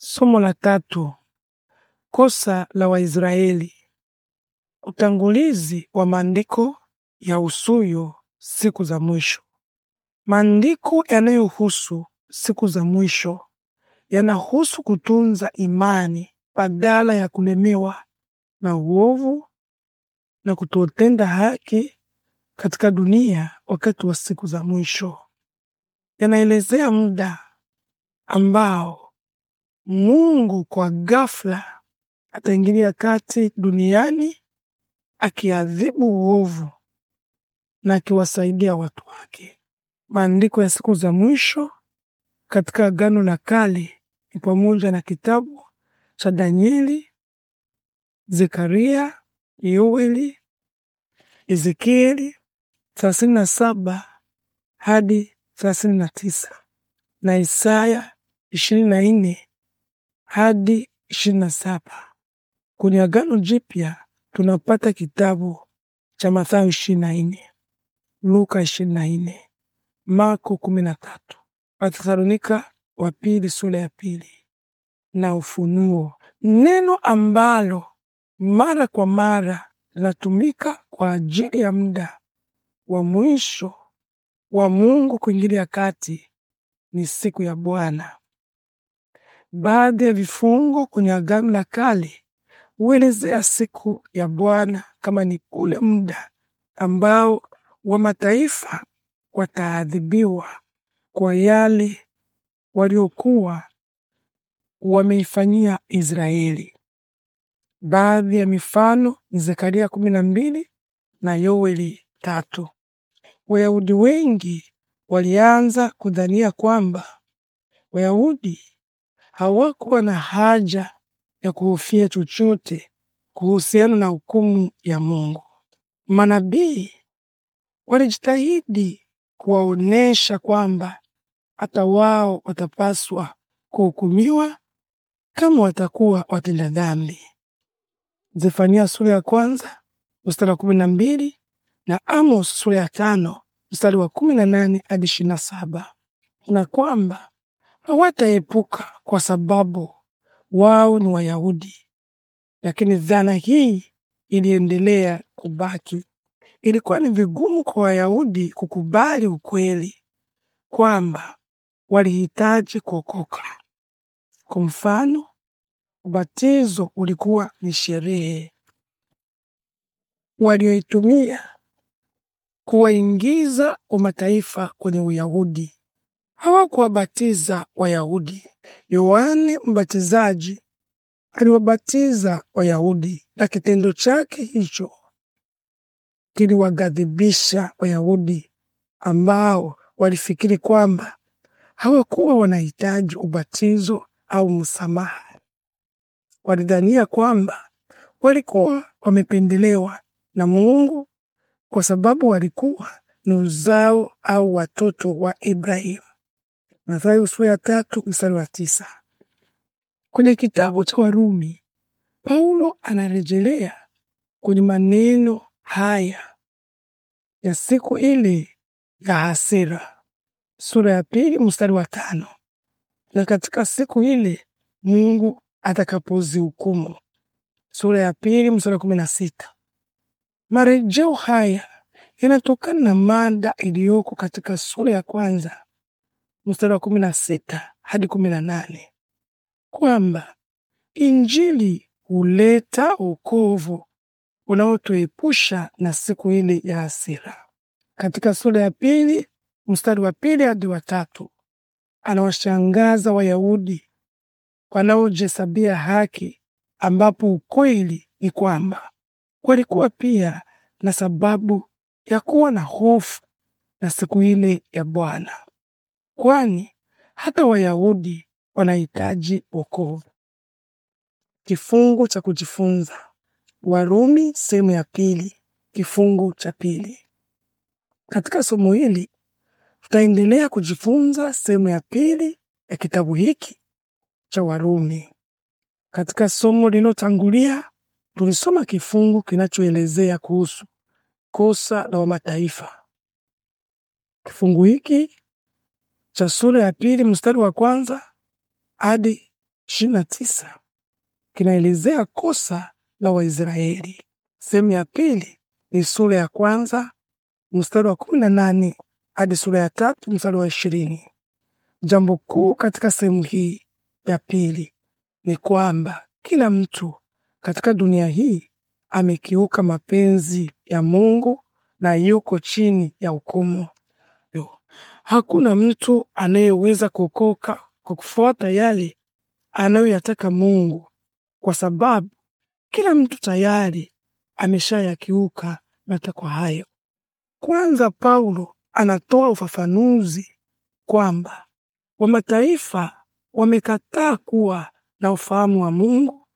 Somo la tatu: kosa la Waisraeli. Utangulizi wa maandiko yahusuyo siku za mwisho. Maandiko yanayohusu siku za mwisho yanahusu kutunza imani badala ya kulemewa na uovu na kutotenda haki katika dunia wakati wa siku za mwisho. Yanaelezea muda ambao Mungu kwa ghafla ataingilia kati duniani akiadhibu uovu na akiwasaidia watu wake. Maandiko ya siku za mwisho katika Agano la Kale ni pamoja na kitabu cha Danieli, Zekaria, Yoeli, Ezekieli 37 hadi 39 na Isaya 24 hadi ishirini na saba. Kwenye Agano Jipya tunapata kitabu cha Mathayo ishirini na nne, Luka ishirini na nne, Marko kumi na tatu, Wathesalonika wa pili sura ya pili na Ufunuo, neno ambalo mara kwa mara linatumika kwa ajili ya muda wa mwisho wa Mungu kuingilia kati. Ni siku ya Bwana. Baadhi ya vifungo kwenye Agano la Kale huelezea siku ya Bwana kama ni ule muda ambao wa mataifa wataadhibiwa kwa yale waliokuwa wameifanyia Israeli. Baadhi ya mifano ni Zekaria kumi na mbili na Yoeli tatu. Wayahudi wengi walianza kudhania kwamba Wayahudi hawakuwa na haja ya kuhofia chochote kuhusiana na hukumu ya Mungu. Manabii walijitahidi kuwaonesha kwamba hata wao watapaswa kuhukumiwa kama watakuwa watenda dhambi. Zefania sura ya kwanza mstari wa kumi na mbili na Amos sura ya tano mstari wa kumi na nane hadi ishirini na saba na kwamba hawataepuka kwa sababu wao ni Wayahudi. Lakini dhana hii iliendelea kubaki. Ilikuwa ni vigumu kwa Wayahudi kukubali ukweli kwamba walihitaji kuokoka. Kwa mfano, ubatizo ulikuwa ni sherehe walioitumia kuwaingiza wa mataifa kwenye Uyahudi hawakuwabatiza Wayahudi. Yohani Mbatizaji aliwabatiza Wayahudi, na kitendo chake hicho kiliwagadhibisha Wayahudi ambao walifikiri kwamba hawakuwa wanahitaji ubatizo au msamaha. Walidhania kwamba walikuwa wamependelewa na Mungu kwa sababu walikuwa ni uzao au watoto wa Ibrahimu. Mathayo sura ya tatu mstari wa tisa. Kwenye kitabu cha Warumi, Paulo anarejelea kwenye maneno haya ya siku ile ya hasira, sura ya pili mstari wa tano, na katika siku ile Mungu atakapozihukumu, sura ya pili mstari wa kumi na sita. Marejeo haya yanatokana na mada iliyoko katika sura ya kwanza mstari wa kumi na sita hadi kumi na nane kwamba Injili huleta wokovu unaotuepusha na siku ile ya hasira. Katika sura ya pili mstari wa pili hadi wa tatu anawashangaza Wayahudi wanaojihesabia haki, ambapo ukweli ni kwamba walikuwa pia na sababu ya kuwa na hofu na siku ile ya Bwana kwani hata Wayahudi wanahitaji wokovu. Kifungu cha kujifunza: Warumi sehemu ya pili, kifungu cha pili. Katika somo hili tutaendelea kujifunza sehemu ya pili ya kitabu hiki cha Warumi. Katika somo lililotangulia tulisoma kifungu kinachoelezea kuhusu kosa la Wamataifa. Kifungu hiki cha sura ya pili mstari wa kwanza hadi ishirini na tisa kinaelezea kosa la Waisraeli. Sehemu ya pili ni sura ya kwanza mstari wa kumi na nane hadi sura ya tatu mstari wa ishirini. Jambo kuu katika sehemu hii ya pili ni kwamba kila mtu katika dunia hii amekiuka mapenzi ya Mungu na yuko chini ya hukumu. Hakuna mtu anayeweza kuokoka kwa kufuata yale anayoyataka Mungu, kwa sababu kila mtu tayari ameshayakiuka matakwa hayo. Kwanza Paulo anatoa ufafanuzi kwamba wamataifa wamekataa kuwa na ufahamu wa Mungu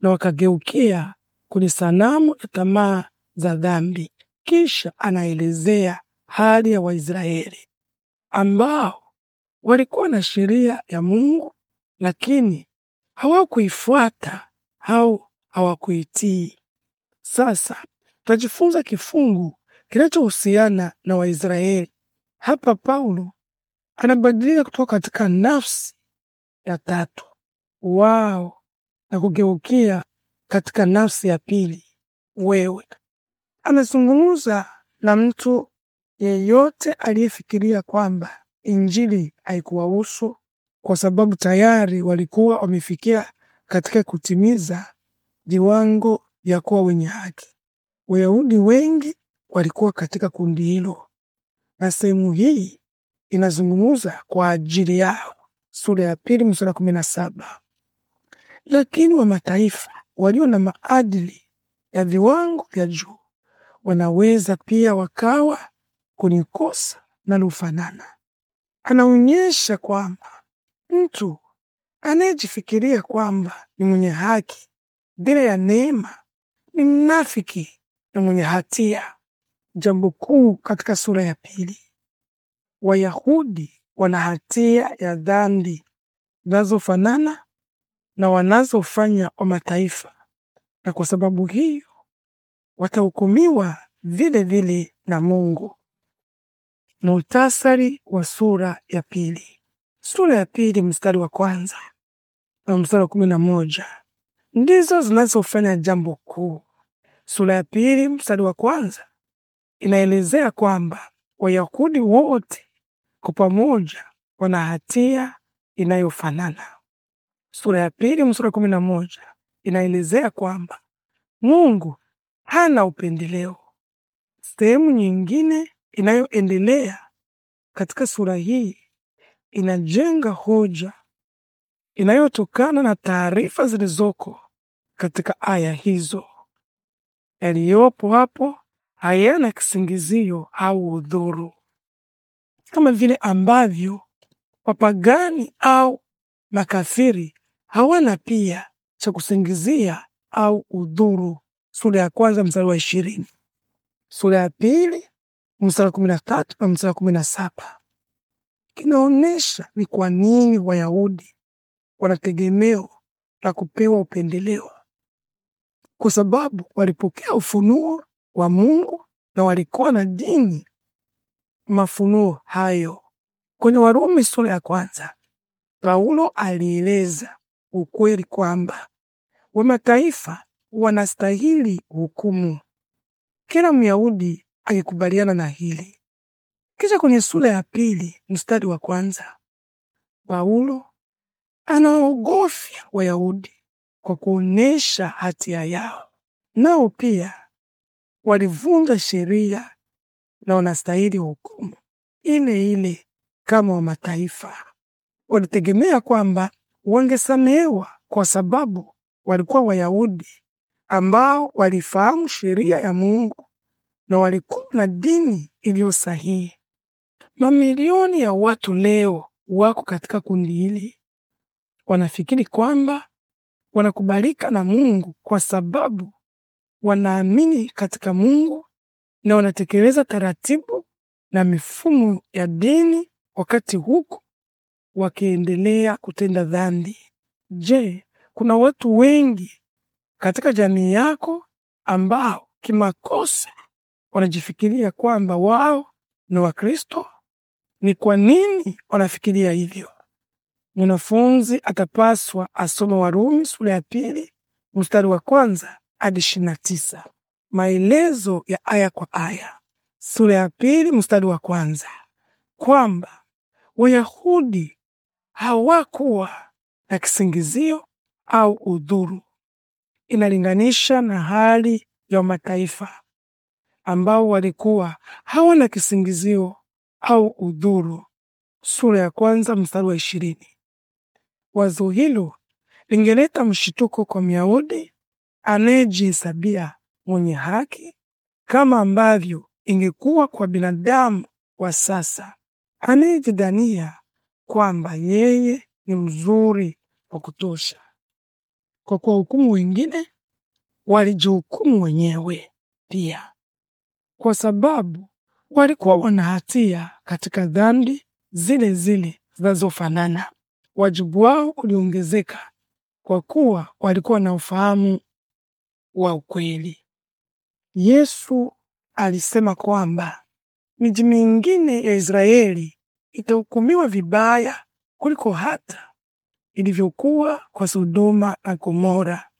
na wakageukia kwenye sanamu na tamaa za dhambi. Kisha anaelezea hali ya Waisraeli ambao walikuwa na sheria ya Mungu lakini hawakuifuata au hawakuitii. Sasa tutajifunza kifungu kinachohusiana na Waisraeli. Hapa Paulo anabadilika kutoka katika nafsi ya tatu wao na kugeukia katika nafsi ya pili wewe. Anazungumza na mtu Yeyote aliyefikiria kwamba injili haikuwahusu kwa sababu tayari walikuwa wamefikia katika kutimiza viwango vya kuwa wenye haki. Wayahudi wengi walikuwa katika kundi hilo, na sehemu hii inazungumza kwa ajili yao. Sura ya pili mstari kumi na saba. Lakini wa mataifa walio na maadili ya viwango vya juu wanaweza pia wakawa kwenye kosa linalofanana. Anaonyesha kwamba mtu anayejifikiria kwamba ni mwenye haki bila ya neema ni mnafiki na mwenye hatia. Jambo kuu katika sura ya pili, Wayahudi wana hatia ya dhambi zinazofanana na wanazofanya wa mataifa, na kwa sababu hiyo watahukumiwa vile vile na Mungu. Muhtasari wa sura ya pili. Sura ya pili mstari wa kwanza na mstari wa kumi na moja ndizo zinazofanya jambo kuu. Sura ya pili mstari wa kwanza inaelezea kwamba Wayahudi wote kwa pamoja wana hatia inayofanana. Sura ya pili mstari wa kumi na moja inaelezea kwamba Mungu hana upendeleo. Sehemu nyingine inayoendelea katika sura hii inajenga hoja inayotokana na taarifa zilizoko katika aya hizo. Yaliyopo hapo hayana kisingizio au udhuru, kama vile ambavyo wapagani au makafiri hawana pia cha kusingizia au udhuru. Sura ya kwanza mstari wa ishirini. Sura ya pili mstari wa kumi na tatu na mstari wa kumi na saba kinaonyesha ni kwa nini Wayahudi wana tegemeo la kupewa upendeleo, kwa sababu walipokea ufunuo wa Mungu na walikuwa na dini mafunuo hayo. Kwenye Warumi sura ya kwanza, Paulo alieleza ukweli kwamba wamataifa wanastahili hukumu. Kila Myahudi akikubaliana na hili. Kisha kwenye sura ya pili mstari wa kwanza, Paulo anaogofya Wayahudi kwa kuonesha hatia yao, nao pia walivunja sheria na wanastahili hukumu ile ile kama wa mataifa. Walitegemea kwamba wangesamehewa kwa sababu walikuwa Wayahudi ambao walifahamu sheria ya Mungu na walikuwa na dini iliyo sahihi. Mamilioni ya watu leo wako katika kundi hili, wanafikiri kwamba wanakubalika na Mungu kwa sababu wanaamini katika Mungu na wanatekeleza taratibu na mifumo ya dini, wakati huku wakiendelea kutenda dhambi. Je, kuna watu wengi katika jamii yako ambao kimakosa wanajifikiria kwamba wao ni Wakristo? Ni kwa nini wanafikiria hivyo? Mwanafunzi atapaswa asome Warumi sura ya pili mstari wa kwanza hadi ishirini na tisa maelezo ya aya kwa aya. Sura ya pili mstari wa kwanza kwamba Wayahudi hawakuwa na kisingizio au udhuru, inalinganisha na hali ya mataifa ambao walikuwa hawana kisingizio au udhuru. Sura ya kwanza mstari wa ishirini. Wazo hilo lingeleta mshituko kwa Myahudi anayejihesabia mwenye haki kama ambavyo ingekuwa kwa binadamu wa sasa anayejidania kwamba yeye ni mzuri wa kutosha kwa kuwahukumu wengine. Walijihukumu wenyewe pia kwa sababu walikuwa wana hatia katika dhambi zile zile zinazofanana. Wajibu wao uliongezeka kwa kuwa walikuwa na ufahamu wa ukweli. Yesu alisema kwamba miji mingine ya Israeli itahukumiwa vibaya kuliko hata ilivyokuwa kwa Sodoma na Gomora.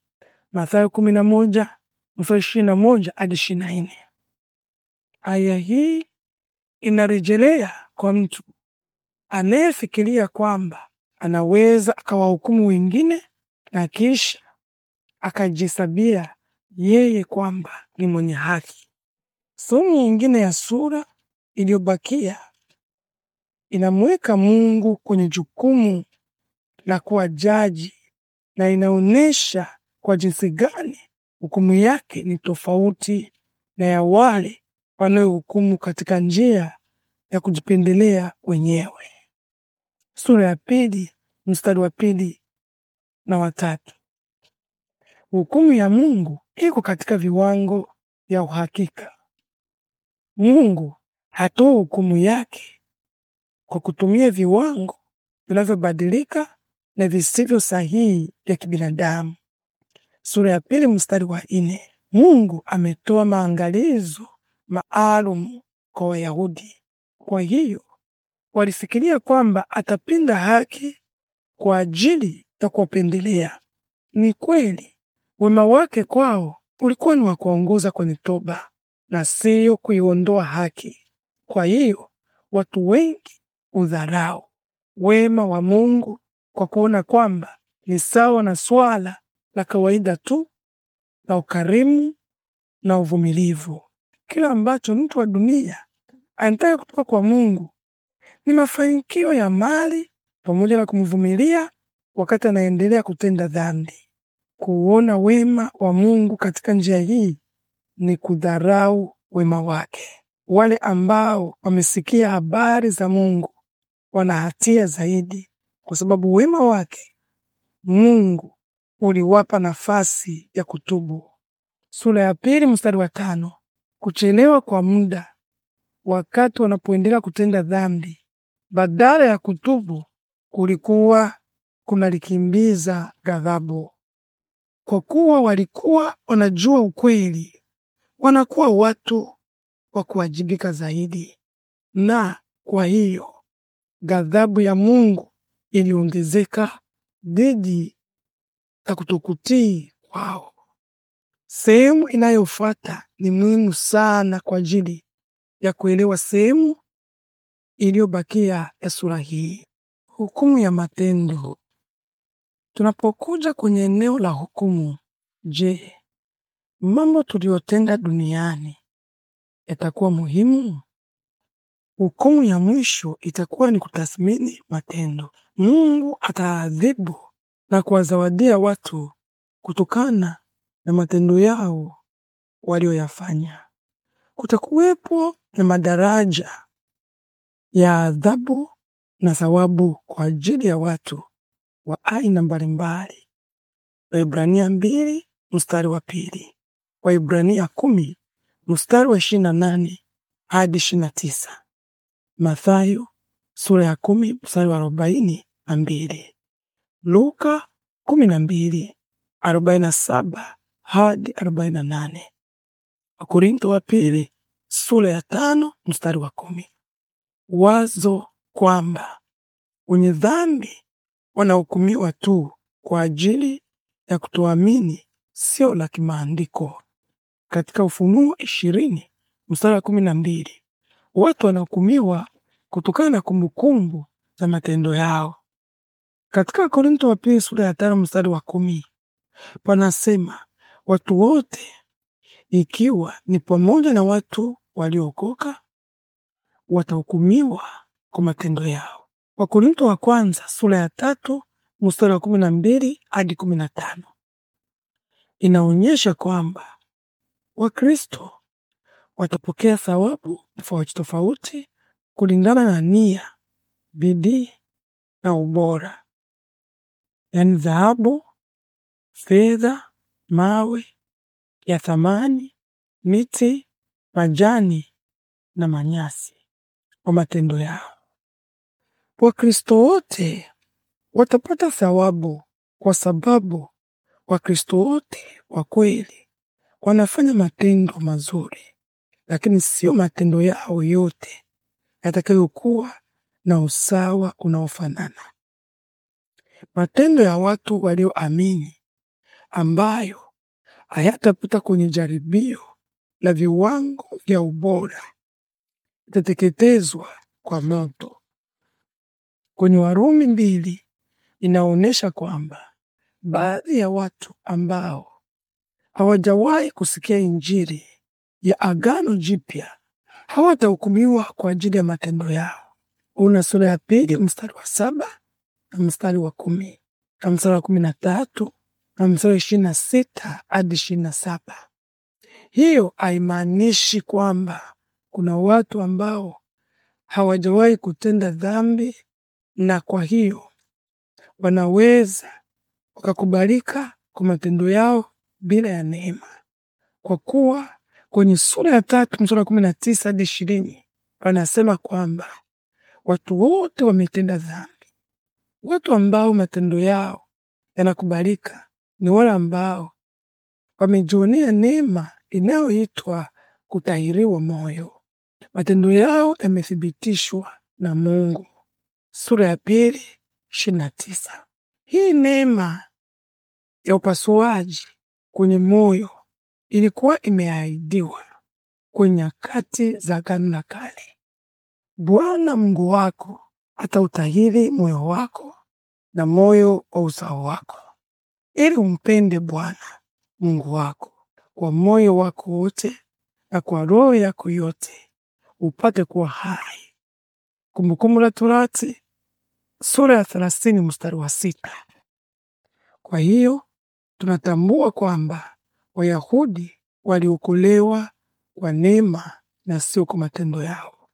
Mathayo 11 mstari 21 hadi 24. Aya hii inarejelea kwa mtu anayefikiria kwamba anaweza akawahukumu wengine na kisha akajisabia yeye kwamba ni mwenye haki. Sehemu nyingine ya sura iliyobakia inamweka Mungu kwenye jukumu la kuwa jaji na inaonyesha kwa jinsi gani hukumu yake ni tofauti na ya wale wanayohukumu katika njia ya kujipendelea wenyewe. Sura ya pili mstari wa pili na watatu. Hukumu ya Mungu iko katika viwango vya uhakika. Mungu hatoa hukumu yake kwa kutumia viwango vinavyobadilika na visivyo sahihi vya kibinadamu. Sura ya pili mstari wa nne. Mungu ametoa maangalizo maalum kwa Wayahudi. Kwa hiyo walifikiria kwamba atapinda haki kwa ajili ya kuwapendelea. Ni kweli wema wake kwao ulikuwa ni wa kuongoza kwenye toba na siyo kuiondoa haki. Kwa hiyo watu wengi udharau wema wa Mungu kwa kuona kwamba ni sawa na swala la kawaida tu la ukarimu na uvumilivu kile ambacho mtu wa dunia anataka kutoka kwa Mungu ni mafanikio ya mali pamoja na kumvumilia wakati anaendelea kutenda dhambi. Kuona wema wa Mungu katika njia hii ni kudharau wema wake. Wale ambao wamesikia habari za Mungu wana hatia zaidi, kwa sababu wema wake Mungu uliwapa nafasi ya kutubu. Sura ya pili mstari wa tano. Kuchelewa kwa muda wakati wanapoendelea kutenda dhambi badala ya kutubu kulikuwa kunalikimbiza ghadhabu. Kwa kuwa walikuwa wanajua ukweli, wanakuwa watu wa kuwajibika zaidi, na kwa hiyo ghadhabu ya Mungu iliongezeka dhidi ya kutokutii kwao. Sehemu inayofuata ni muhimu sana kwa ajili ya kuelewa sehemu iliyobakia ya sura hii. Hukumu ya matendo. Tunapokuja kwenye eneo la hukumu, je, mambo tuliyotenda duniani yatakuwa muhimu? Hukumu ya mwisho itakuwa ni kutathmini matendo. Mungu ataadhibu na kuwazawadia watu kutokana na matendo yao walioyafanya. Kutakuwepo na madaraja ya adhabu na thawabu kwa ajili ya watu wa aina mbalimbali. Waibrania mbili mstari wa pili, Waibrania kumi mstari wa ishirini na nane hadi ishirini na tisa, Mathayo sura ya kumi mstari wa arobaini na mbili, Luka kumi na mbili arobaini na saba hadi 48. Wakorintho wa pili sura ya tano mstari wa kumi. Wazo kwamba wenye dhambi wanahukumiwa tu kwa ajili ya kutoamini sio la kimaandiko. Katika Ufunuo ishirini mstari wa kumi na mbili watu wanahukumiwa kutokana na kumbukumbu za matendo yao. Katika Korinto wa pili sura ya tano mstari wa kumi panasema watu wote, ikiwa ni pamoja na watu waliokoka watahukumiwa kwa matendo yao. Wakorinto wa kwanza sura ya tatu mstari wa kumi na mbili hadi kumi na tano inaonyesha kwamba Wakristo watapokea thawabu tofauti tofauti kulingana na nia, bidii na ubora, yaani dhahabu, fedha mawe ya thamani, miti, majani na manyasi kwa matendo yao. Wakristo wote watapata thawabu kwa sababu Wakristo wote wa kweli wanafanya matendo mazuri, lakini sio matendo yao yote yatakayokuwa na usawa unaofanana. Matendo ya watu walioamini ambayo hayatapita kwenye jaribio la viwango vya ubora, itateketezwa kwa moto. Kwenye Warumi mbili inaonyesha kwamba baadhi ya watu ambao hawajawahi kusikia Injili ya Agano Jipya hawatahukumiwa kwa ajili ya matendo yao. Una sura ya pili mstari wa saba na mstari wa kumi na mstari wa kumi na tatu mstari ishirini na sita hadi ishirini na saba. Hiyo haimaanishi kwamba kuna watu ambao hawajawahi kutenda dhambi na kwa hiyo wanaweza wakakubalika kwa matendo yao bila ya neema, kwa kuwa kwenye sura ya tatu mstari wa kumi na tisa hadi ishirini wanasema kwamba watu wote wametenda dhambi, watu ambao matendo yao yanakubalika ni wale ambao wamejionea neema inayoitwa kutahiriwa moyo. Matendo yao yamethibitishwa na Mungu. Sura ya pili ishirini na tisa. Hii neema ya upasuaji kwenye moyo ilikuwa imeahidiwa kwenye nyakati za Agano la Kale. Bwana Mungu wako atautahiri moyo wako na moyo wa uzao wako ili umpende Bwana Mungu wako kwa moyo wako wote na kwa roho yako yote, upate kuwa hai. Kumbukumbu la Torati sura ya thelathini mstari wa sita. Kwa hiyo tunatambua kwamba Wayahudi waliokolewa kwa neema na sio kwa matendo yao.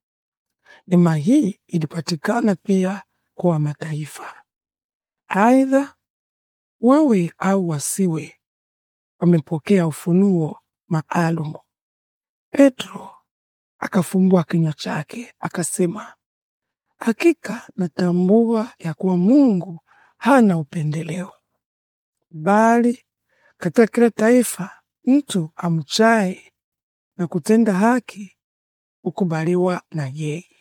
Neema hii ilipatikana pia kwa mataifa. Aidha, wawe au wasiwe, wamepokea ufunuo maalum. Petro akafumbua kinywa chake akasema, hakika natambua ya kuwa Mungu hana upendeleo, bali katika kila taifa mtu amchaye na kutenda haki ukubaliwa na yeye.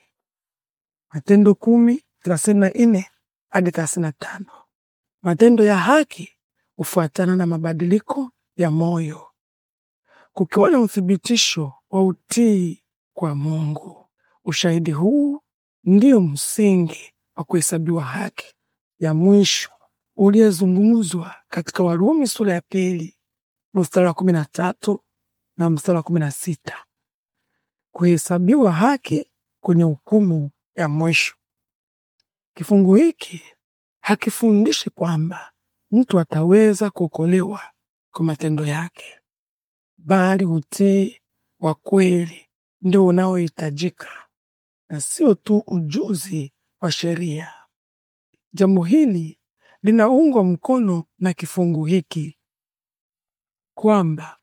Matendo kumi thelathini na nne hadi thelathini na tano. Matendo ya haki hufuatana na mabadiliko ya moyo, kukiwa na uthibitisho wa utii kwa Mungu. Ushahidi huu ndio msingi wa kuhesabiwa haki ya mwisho uliyezungumzwa katika Warumi sura ya pili mstari wa kumi na mstari wa sita Kuhesabiwa haki kwenye hukumu ya mwisho. Kifungu hiki hakifundishi kwamba mtu ataweza kuokolewa kwa matendo yake, bali utii wa kweli ndio unaohitajika na sio tu ujuzi wa sheria. Jambo hili linaungwa mkono na kifungu hiki kwamba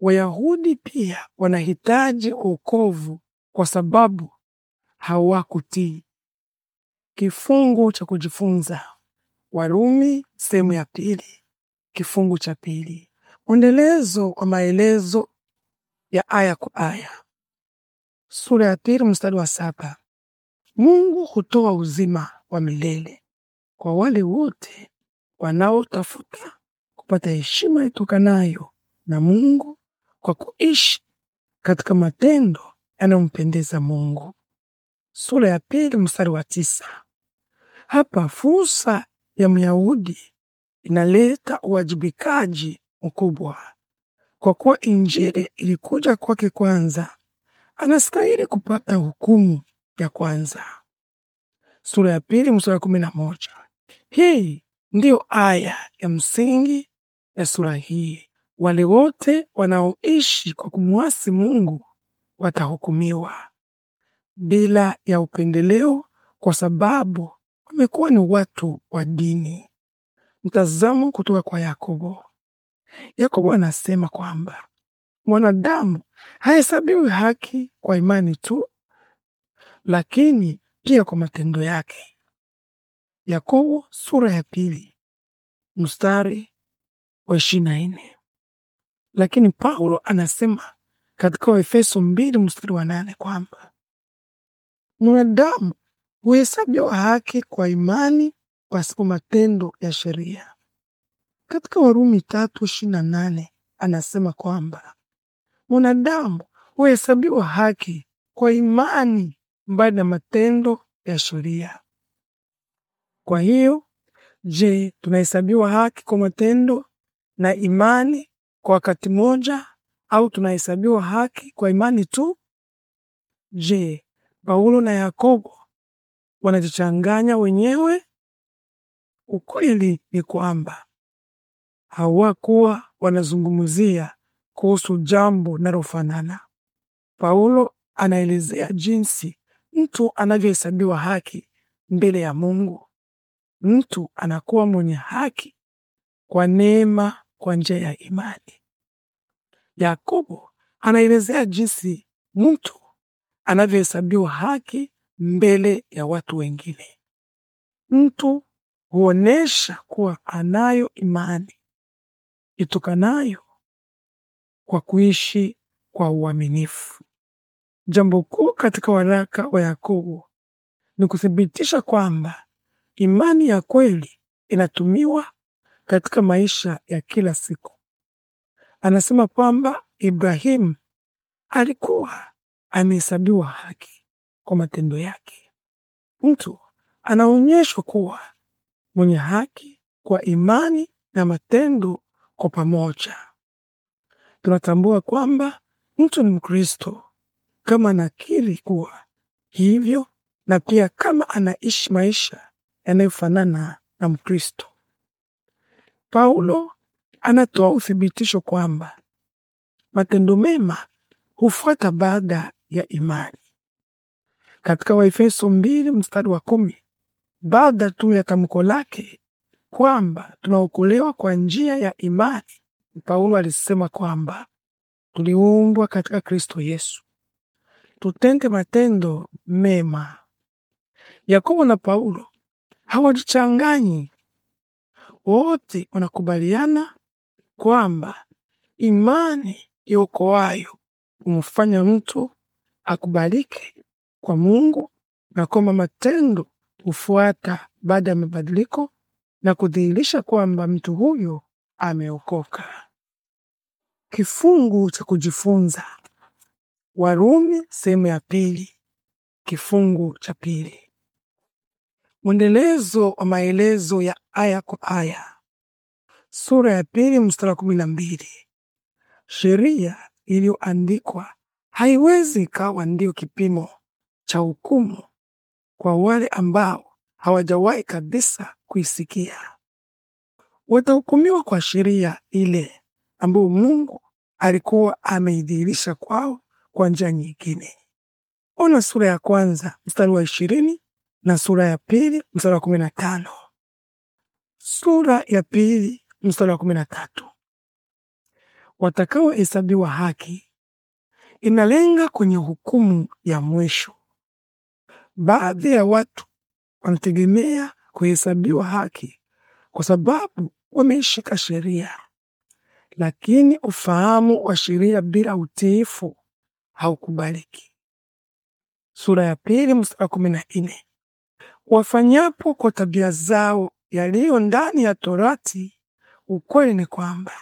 Wayahudi pia wanahitaji wokovu kwa sababu hawakutii Kifungu cha kujifunza Warumi sehemu ya pili. Kifungu cha pili. Mwendelezo kwa maelezo ya aya kwa aya. Sura ya pili mstari wa saba. Mungu hutoa uzima wa milele kwa wale wote wanaotafuta kupata heshima itokanayo na Mungu kwa kuishi katika matendo yanayompendeza Mungu. Sura ya pili mstari wa tisa. Hapa fursa ya Myahudi inaleta uwajibikaji mkubwa. Kwa kuwa Injili ilikuja kwake kwanza, anastahili kupata hukumu ya kwanza. Sura ya pili mstari wa kumi na moja. Hii ndiyo aya ya msingi ya sura hii. Wale wote wanaoishi kwa kumwasi Mungu watahukumiwa bila ya upendeleo, kwa sababu tumekuwa ni watu wa dini. Mtazamo kutoka kwa Yakobo. Yakobo anasema kwamba mwanadamu hahesabiwi haki kwa imani tu, lakini pia kwa matendo yake. Yakobo sura ya pili mstari wa ishirini na nne. Lakini Paulo anasema katika Waefeso mbili mstari wa nane kwamba mwanadamu huhesabiwa haki kwa imani pasipo matendo ya sheria. Katika Warumi tatu ishirini na nane anasema kwamba mwanadamu huhesabiwa haki kwa imani mbali na matendo ya sheria. Kwa hiyo, je, tunahesabiwa haki kwa matendo na imani kwa wakati mmoja au tunahesabiwa haki kwa imani tu? Je, Paulo na Yakobo wanajichanganya wenyewe. Ukweli ni kwamba hawakuwa wanazungumzia kuhusu jambo linalofanana. Paulo anaelezea jinsi mtu anavyohesabiwa haki mbele ya Mungu. Mtu anakuwa mwenye haki kwa neema kwa njia ya imani. Yakobo anaelezea jinsi mtu anavyohesabiwa haki mbele ya watu wengine. Mtu huonesha kuwa anayo imani itokanayo kwa kuishi kwa uaminifu. Jambo kuu katika waraka wa Yakobo ni kuthibitisha kwamba imani ya kweli inatumiwa katika maisha ya kila siku. Anasema kwamba Ibrahimu alikuwa amehesabiwa haki kwa matendo yake. Mtu anaonyeshwa kuwa mwenye haki kwa imani na matendo kwa pamoja. Tunatambua kwamba mtu ni Mkristo kama anakiri kuwa hivyo na pia kama anaishi maisha yanayofanana na Mkristo. Paulo anatoa uthibitisho kwamba matendo mema hufuata baada ya imani katika Waefeso mbili mstari wa kumi baada tu ya tamko lake kwamba tunaokolewa kwa njia ya imani, Paulo alisema kwamba tuliumbwa katika Kristo Yesu tutende matendo mema. Yakobo na Paulo hawajichanganyi, wote wanakubaliana kwamba imani iokoayo umfanya mtu akubalike kwa Mungu na kwamba matendo hufuata baada ya mabadiliko na kudhihirisha kwamba mtu huyo ameokoka. Kifungu cha kujifunza Warumi sehemu ya pili. Kifungu cha pili, mwendelezo wa maelezo ya aya kwa aya. Sura ya pili mstari kumi na mbili. Sheria iliyoandikwa haiwezi ikawa ndiyo kipimo cha hukumu kwa wale ambao hawajawahi kabisa kuisikia. Watahukumiwa kwa sheria ile ambayo Mungu alikuwa ameidhihirisha kwao kwa njia nyingine. Ona sura ya kwanza mstari wa ishirini na sura ya pili mstari wa kumi na tano sura ya pili mstari wa kumi na tatu watakaohesabiwa haki inalenga kwenye hukumu ya mwisho baadhi ya watu wanategemea kuhesabiwa haki kwa sababu wameishika sheria, lakini ufahamu wa sheria bila utiifu haukubaliki. Sura ya pili mstari kumi na nne wafanyapo kwa tabia zao yaliyo ndani ya Torati, ukweli ni kwamba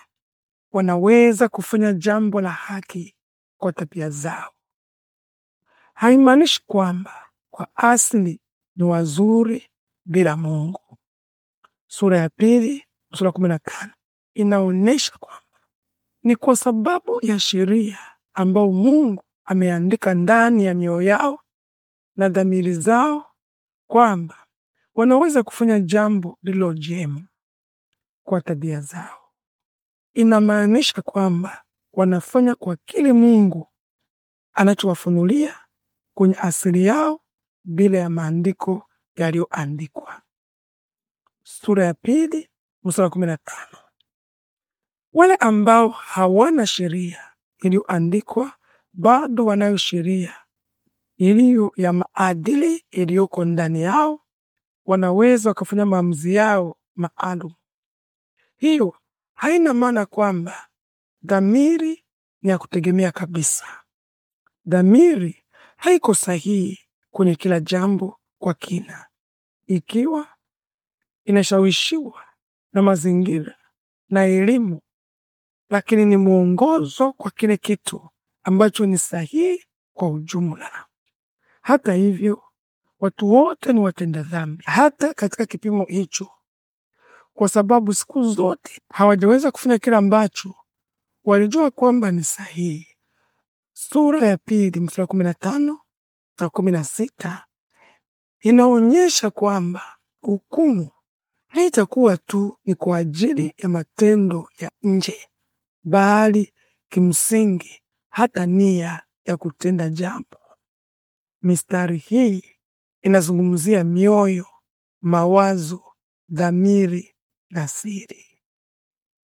wanaweza kufanya jambo la haki kwa tabia zao. Haimaanishi kwamba kwa asili ni wazuri bila Mungu. Sura ya pili sura kumi na tano inaonyesha kwamba ni kwa sababu ya sheria ambayo Mungu ameandika ndani ya mioyo yao na dhamiri zao kwamba wanaweza kufanya jambo lilo jema kwa tabia zao. Inamaanisha kwamba wanafanya kwa kile Mungu anachowafunulia kwenye asili yao bila ya maandiko yaliyoandikwa. Sura ya pili mstari wa kumi na tano wale ambao hawana sheria iliyoandikwa bado wanayo sheria iliyo ya maadili iliyoko ndani yao, wanaweza wakafanya maamuzi yao maalum. Hiyo haina maana kwamba dhamiri ni ya kutegemea kabisa. Dhamiri haiko sahihi kwenye kila jambo kwa kina, ikiwa inashawishiwa na mazingira na elimu, lakini ni mwongozo kwa kile kitu ambacho ni sahihi kwa ujumla. Hata hivyo, watu wote ni watenda dhambi, hata katika kipimo hicho, kwa sababu siku zote hawajaweza kufanya kile ambacho walijua kwamba ni sahihi. Sura ya pili mstari kumi na tano na kumi na sita inaonyesha kwamba hukumu haitakuwa tu ni kwa ajili ya matendo ya nje, bali kimsingi hata nia ya kutenda jambo. Mistari hii inazungumzia mioyo, mawazo, dhamiri na siri.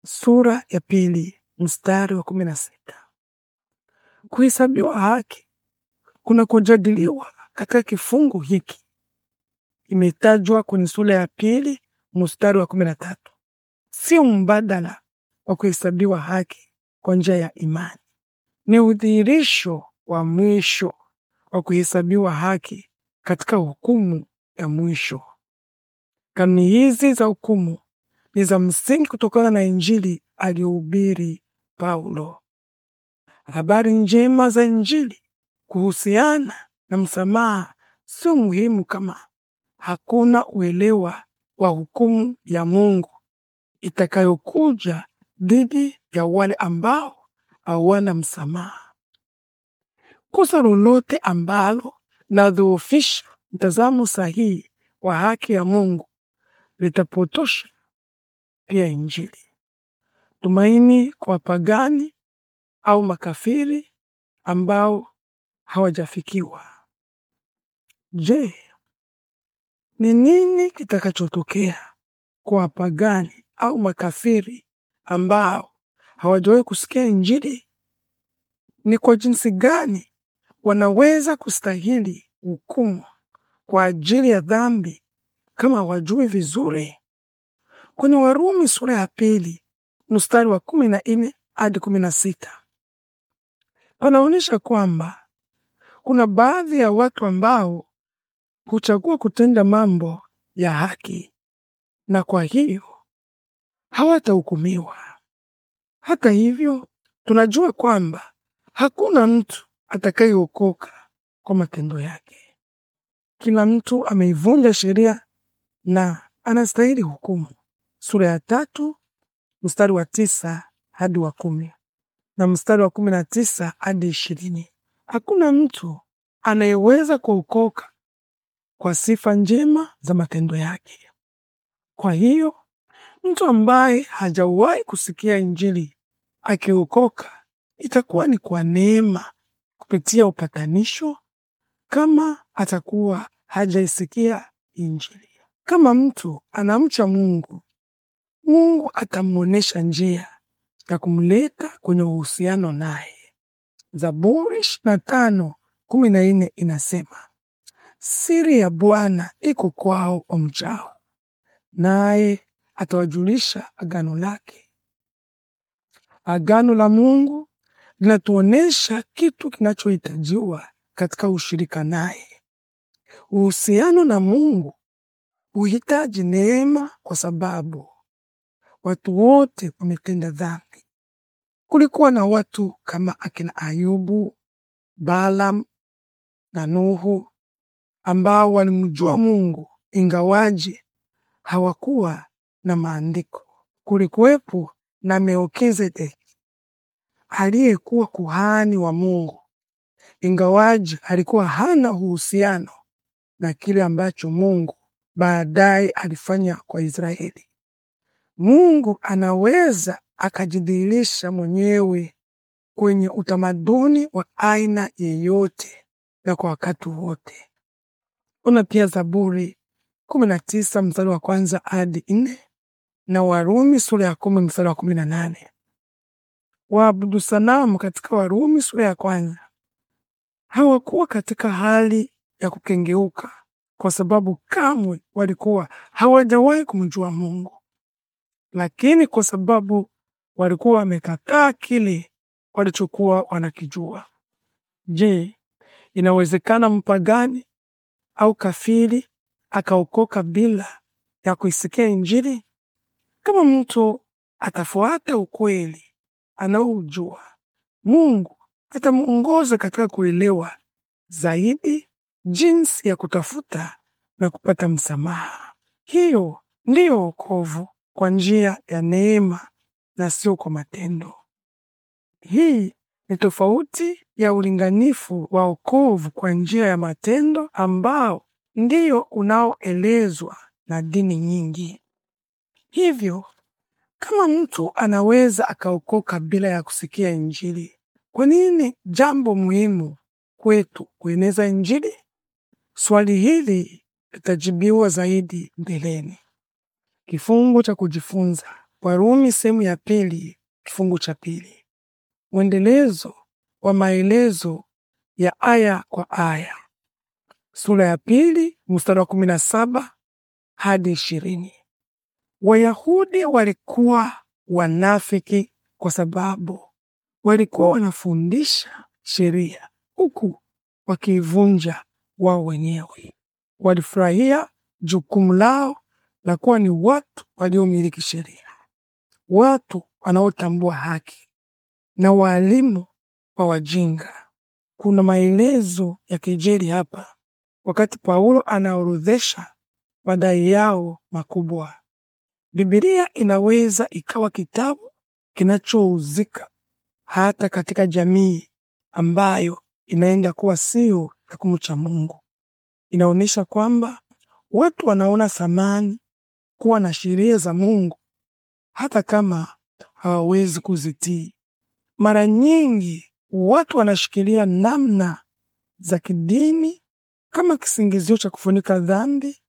Sura ya pili mstari wa kumi na sita kuhesabiwa haki kunakojadiliwa katika kifungu hiki imetajwa kwenye sura ya pili mstari wa kumi na tatu sio mbadala wa kuhesabiwa haki kwa njia ya imani, ni udhihirisho wa mwisho wa kuhesabiwa haki katika hukumu ya mwisho. Kanuni hizi za hukumu ni za msingi kutokana na Injili aliyohubiri Paulo. Habari njema za Injili Kuhusiana na msamaha sio muhimu kama hakuna uelewa wa hukumu ya Mungu itakayokuja dhidi ya wale ambao hawana msamaha. Kosa lolote ambalo linadhoofisha mtazamo sahihi wa haki ya Mungu litapotosha pia Injili. Tumaini kwa pagani au makafiri ambao hawajafikiwa. Je, ni nini kitakachotokea kwa wapagani au makafiri ambao hawajawahi kusikia Injili? Ni kwa jinsi gani wanaweza kustahili hukumu kwa ajili ya dhambi kama wajui vizuri? Kwenye Warumi sura ya pili mstari wa kumi na nne hadi kumi na sita panaonyesha kwamba kuna baadhi ya watu ambao huchagua kutenda mambo ya haki na kwa hiyo hawatahukumiwa. Hata hivyo, tunajua kwamba hakuna mtu atakayeokoka kwa matendo yake. Kila mtu ameivunja sheria na anastahili hukumu. Sura ya tatu mstari wa tisa hadi wa kumi na mstari wa kumi na tisa hadi ishirini. Hakuna mtu anayeweza kuokoka kwa sifa njema za matendo yake. Kwa hiyo mtu ambaye hajawahi kusikia Injili akiokoka itakuwa ni kwa neema kupitia upatanisho, kama atakuwa hajaisikia Injili. Kama mtu anamcha Mungu, Mungu atamwonyesha njia ya kumleta kwenye uhusiano naye. Zaburi ishirini na tano kumi na inasema siri ya Bwana iko kwao omjao, naye atawajulisha agano lake. Agano la Mungu linatuonesha kitu kinachohitajiwa katika ushirika naye. Uhusiano na Mungu uhitaji neema, kwa sababu watu wote wametenda dhambi kulikuwa na watu kama akina Ayubu, Balaam na Nuhu ambao walimjua Mungu ingawaje hawakuwa na maandiko. Kulikuwepo na Melkizedeki aliyekuwa kuhani wa Mungu ingawaje alikuwa hana uhusiano na kile ambacho Mungu baadaye alifanya kwa Israeli. Mungu anaweza akajidhihirisha mwenyewe kwenye utamaduni wa aina yeyote na kwa wakati wote. Ona pia Zaburi kumi na tisa mstari wa kwanza hadi nne na Warumi sura ya kumi mstari wa kumi na nane Waabudu sanamu katika Warumi sura ya kwanza hawakuwa katika hali ya kukengeuka, kwa sababu kamwe walikuwa hawajawahi kumjua Mungu, lakini kwa sababu walikuwa wamekataa kile walichokuwa wanakijua. Je, inawezekana mpagani au kafiri akaokoka bila ya kuisikia Injili? Kama mtu atafuata ukweli anaoujua, Mungu atamuongoza katika kuelewa zaidi jinsi ya kutafuta na kupata msamaha. Hiyo ndiyo wokovu kwa njia ya neema na sio kwa matendo. Hii ni tofauti ya ulinganifu wa wokovu kwa njia ya matendo ambao ndiyo unaoelezwa na dini nyingi. Hivyo, kama mtu anaweza akaokoka bila ya kusikia Injili, kwa nini jambo muhimu kwetu kueneza Injili? Swali hili litajibiwa zaidi mbeleni. Kifungu cha kujifunza: Warumi sehemu ya pili kifungu cha pili. Mwendelezo wa maelezo ya aya kwa aya, sura ya pili mstari wa kumi na saba hadi ishirini. Wayahudi walikuwa wanafiki kwa sababu walikuwa wanafundisha sheria huku wakiivunja wao wenyewe. Walifurahia jukumu lao la kuwa ni watu waliomiliki sheria watu wanaotambua haki na waalimu wa wajinga. Kuna maelezo ya kejeli hapa, wakati Paulo anaorodhesha madai yao makubwa. Biblia inaweza ikawa kitabu kinachouzika hata katika jamii ambayo inaenda kuwa sio ya kumcha Mungu. Inaonyesha kwamba watu wanaona thamani kuwa na sheria za Mungu hata kama hawawezi kuzitii. Mara nyingi watu wanashikilia namna za kidini kama kisingizio cha kufunika dhambi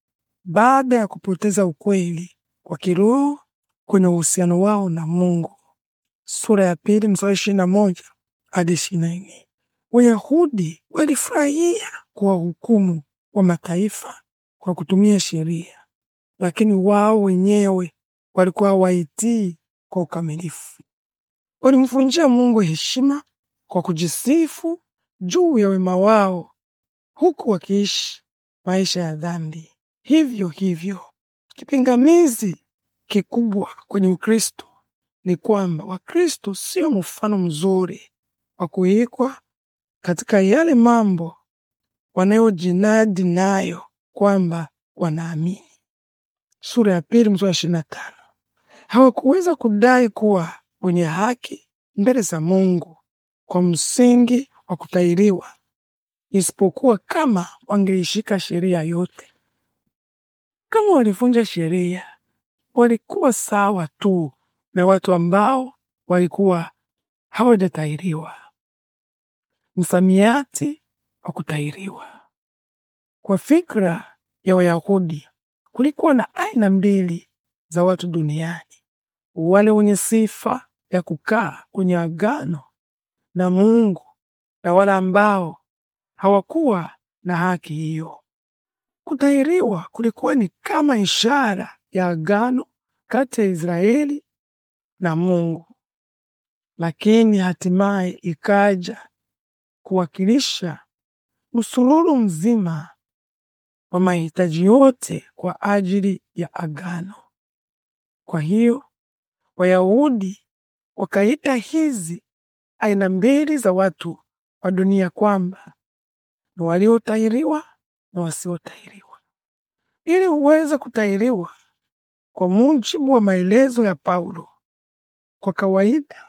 baada ya kupoteza ukweli wa kiroho kwenye uhusiano wao na Mungu. Sura ya pili mstari ishirini na moja hadi ishirini na nne. Wayahudi walifurahia kuwa hukumu wa mataifa kwa kutumia sheria, lakini wao wenyewe walikuwa waitii kwa ukamilifu. Walimvunjia Mungu heshima kwa kujisifu juu ya wema wao, huku wakiishi maisha ya dhambi. Hivyo hivyo, kipingamizi kikubwa kwenye Ukristo ni kwamba Wakristo sio mfano mzuri wa kuikwa katika yale mambo wanayojinadi nayo kwamba wanaamini. Sura ya pili mstari wa ishirini na tano hawakuweza kudai kuwa wenye haki mbele za Mungu kwa msingi wa kutahiriwa, isipokuwa kama wangeishika sheria yote. Kama walivunja sheria, walikuwa sawa tu na watu ambao walikuwa hawajatahiriwa. Msamiati wa kutahiriwa. Kwa fikra ya Wayahudi kulikuwa na aina mbili za watu duniani: wale wenye sifa ya kukaa kwenye agano na Mungu na wale ambao hawakuwa na haki hiyo. Kutahiriwa kulikuwa ni kama ishara ya agano kati ya Israeli na Mungu, lakini hatimaye ikaja kuwakilisha msururu mzima wa mahitaji yote kwa ajili ya agano. Kwa hiyo Wayahudi wakaita hizi aina mbili za watu wa dunia kwamba ni waliotahiriwa na wasiotahiriwa. Ili uweze kutahiriwa kwa mujibu wa maelezo ya Paulo, kwa kawaida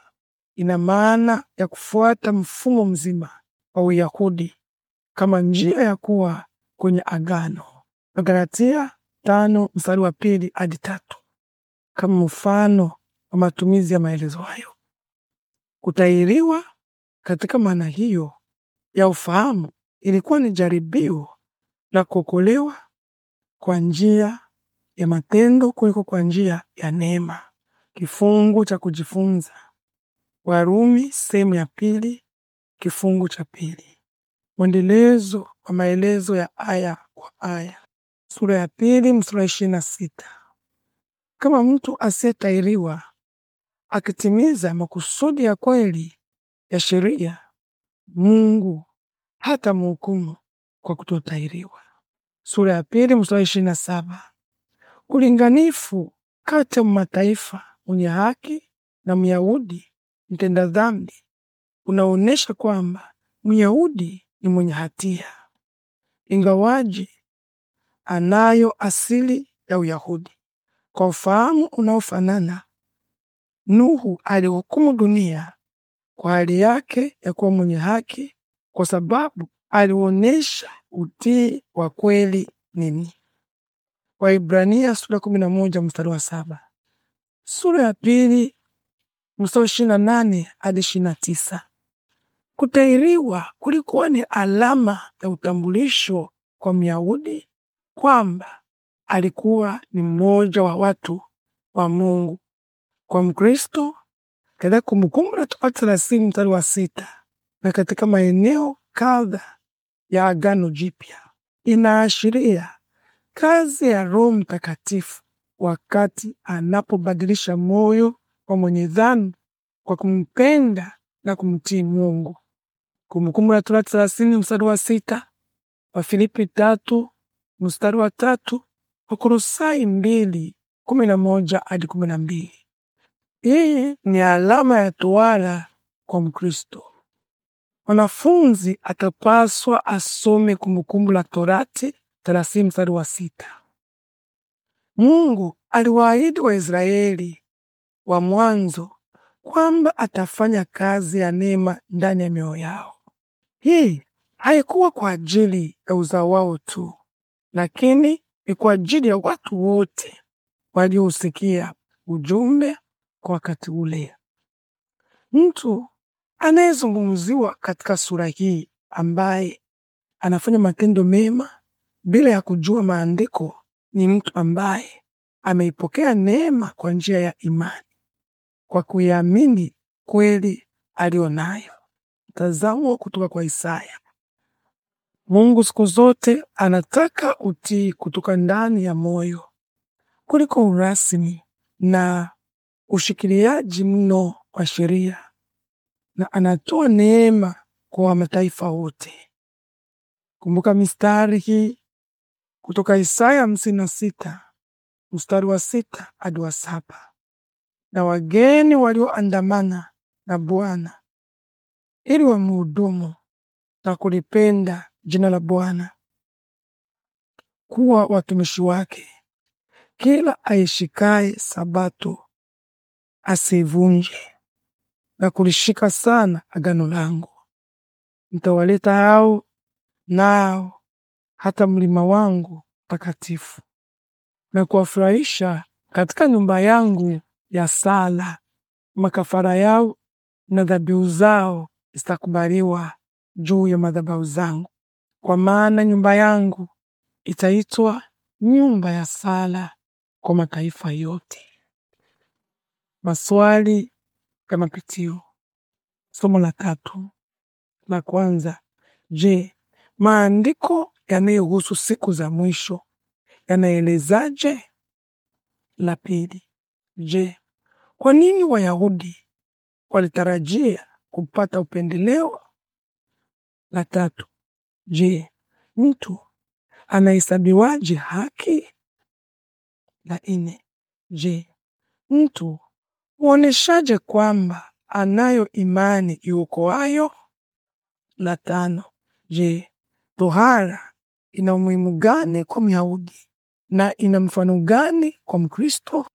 ina maana ya kufuata mfumo mzima wa Uyahudi kama njia ya kuwa kwenye agano, Galatia tano mstari wa pili hadi tatu, kama mfano kwa matumizi ya maelezo hayo. Kutahiriwa katika maana hiyo ya ufahamu ilikuwa ni jaribio la kuokolewa kwa njia ya matendo kuliko kwa njia ya neema. Kifungu cha kujifunza, Warumi sehemu ya pili kifungu cha pili. Mwendelezo wa maelezo ya aya kwa aya, sura ya pili msura ishirini na sita. Kama mtu asiyetahiriwa akitimiza makusudi ya kweli ya sheria, Mungu hata muhukumu kwa kutotairiwa. Sura ya pili mstari ishirini na saba. Ulinganifu kati ya mataifa mwenye haki na Myahudi mtenda dhambi unaonyesha kwamba Myahudi ni mwenye hatia ingawaji anayo asili ya Uyahudi kwa ufahamu unaofanana Nuhu alihukumu dunia kwa hali yake ya kuwa mwenye haki kwa sababu alionyesha utii wa kweli nini. Waibrania sura kumi na moja mstari wa saba sura ya pili mstari wa ishirini na nane hadi ishirini na tisa Kutairiwa kulikuwa ni alama ya utambulisho kwa Myahudi kwamba alikuwa ni mmoja wa watu wa Mungu kwa Mkristo. Katika Kumbukumbu la Torati thelathini mstari wa sita na katika maeneo kadha ya Agano Jipya inaashiria kazi ya Roho Mtakatifu wakati anapobadilisha moyo wa mwenye dhambi kwa kumpenda na kumtii Mungu. Kumbukumbu la Torati thelathini mstari wa sita Wafilipi tatu mstari wa tatu Wakolosai mbili kumi na moja hadi kumi na mbili hii ni alama ya tohara kwa Mkristo. Mwanafunzi atapaswa asome Kumbukumbu la Torati 30 mstari wa sita. Mungu aliwaahidi Waisraeli wa mwanzo kwamba atafanya kazi ya neema ndani ya mioyo yao. Hii haikuwa kwa ajili ya uzao wao tu, lakini ni kwa ajili ya watu wote waliosikia ujumbe kwa wakati ule. Mtu anayezungumziwa katika sura hii ambaye anafanya matendo mema bila ya kujua maandiko ni mtu ambaye ameipokea neema kwa njia ya imani kwa kuiamini kweli aliyonayo. Mtazamo kutoka kwa Isaya. Mungu siku zote anataka utii kutoka ndani ya moyo kuliko urasmi na ushikiliaji mno wa sheria na anatoa neema kwa mataifa wote. Kumbuka mistari hii kutoka Isaya hamsini na sita mstari wa sita hadi wa saba na wageni walioandamana na Bwana ili wamuhudumu na kulipenda jina la Bwana, kuwa watumishi wake, kila aishikaye Sabato asivunje na kulishika sana agano langu. Nitawaleta hao nao hata mlima wangu takatifu na kuwafurahisha katika nyumba yangu ya sala. Makafara yao na dhabihu zao zitakubaliwa juu ya madhabahu zangu, kwa maana nyumba yangu itaitwa nyumba ya sala kwa mataifa yote. Maswali ya mapitio. Somo la tatu la kwanza. Je, maandiko yanayohusu siku za mwisho yanaelezaje? La pili. Je, kwa nini Wayahudi walitarajia kupata upendeleo? La tatu. Je, mtu anahesabiwaje haki? La nne. Je, mtu huoneshaje kwamba anayo imani hayo? La tano, je, tohara ina umuhimu gani kwa Myahudi na ina mfano gani kwa Mkristo?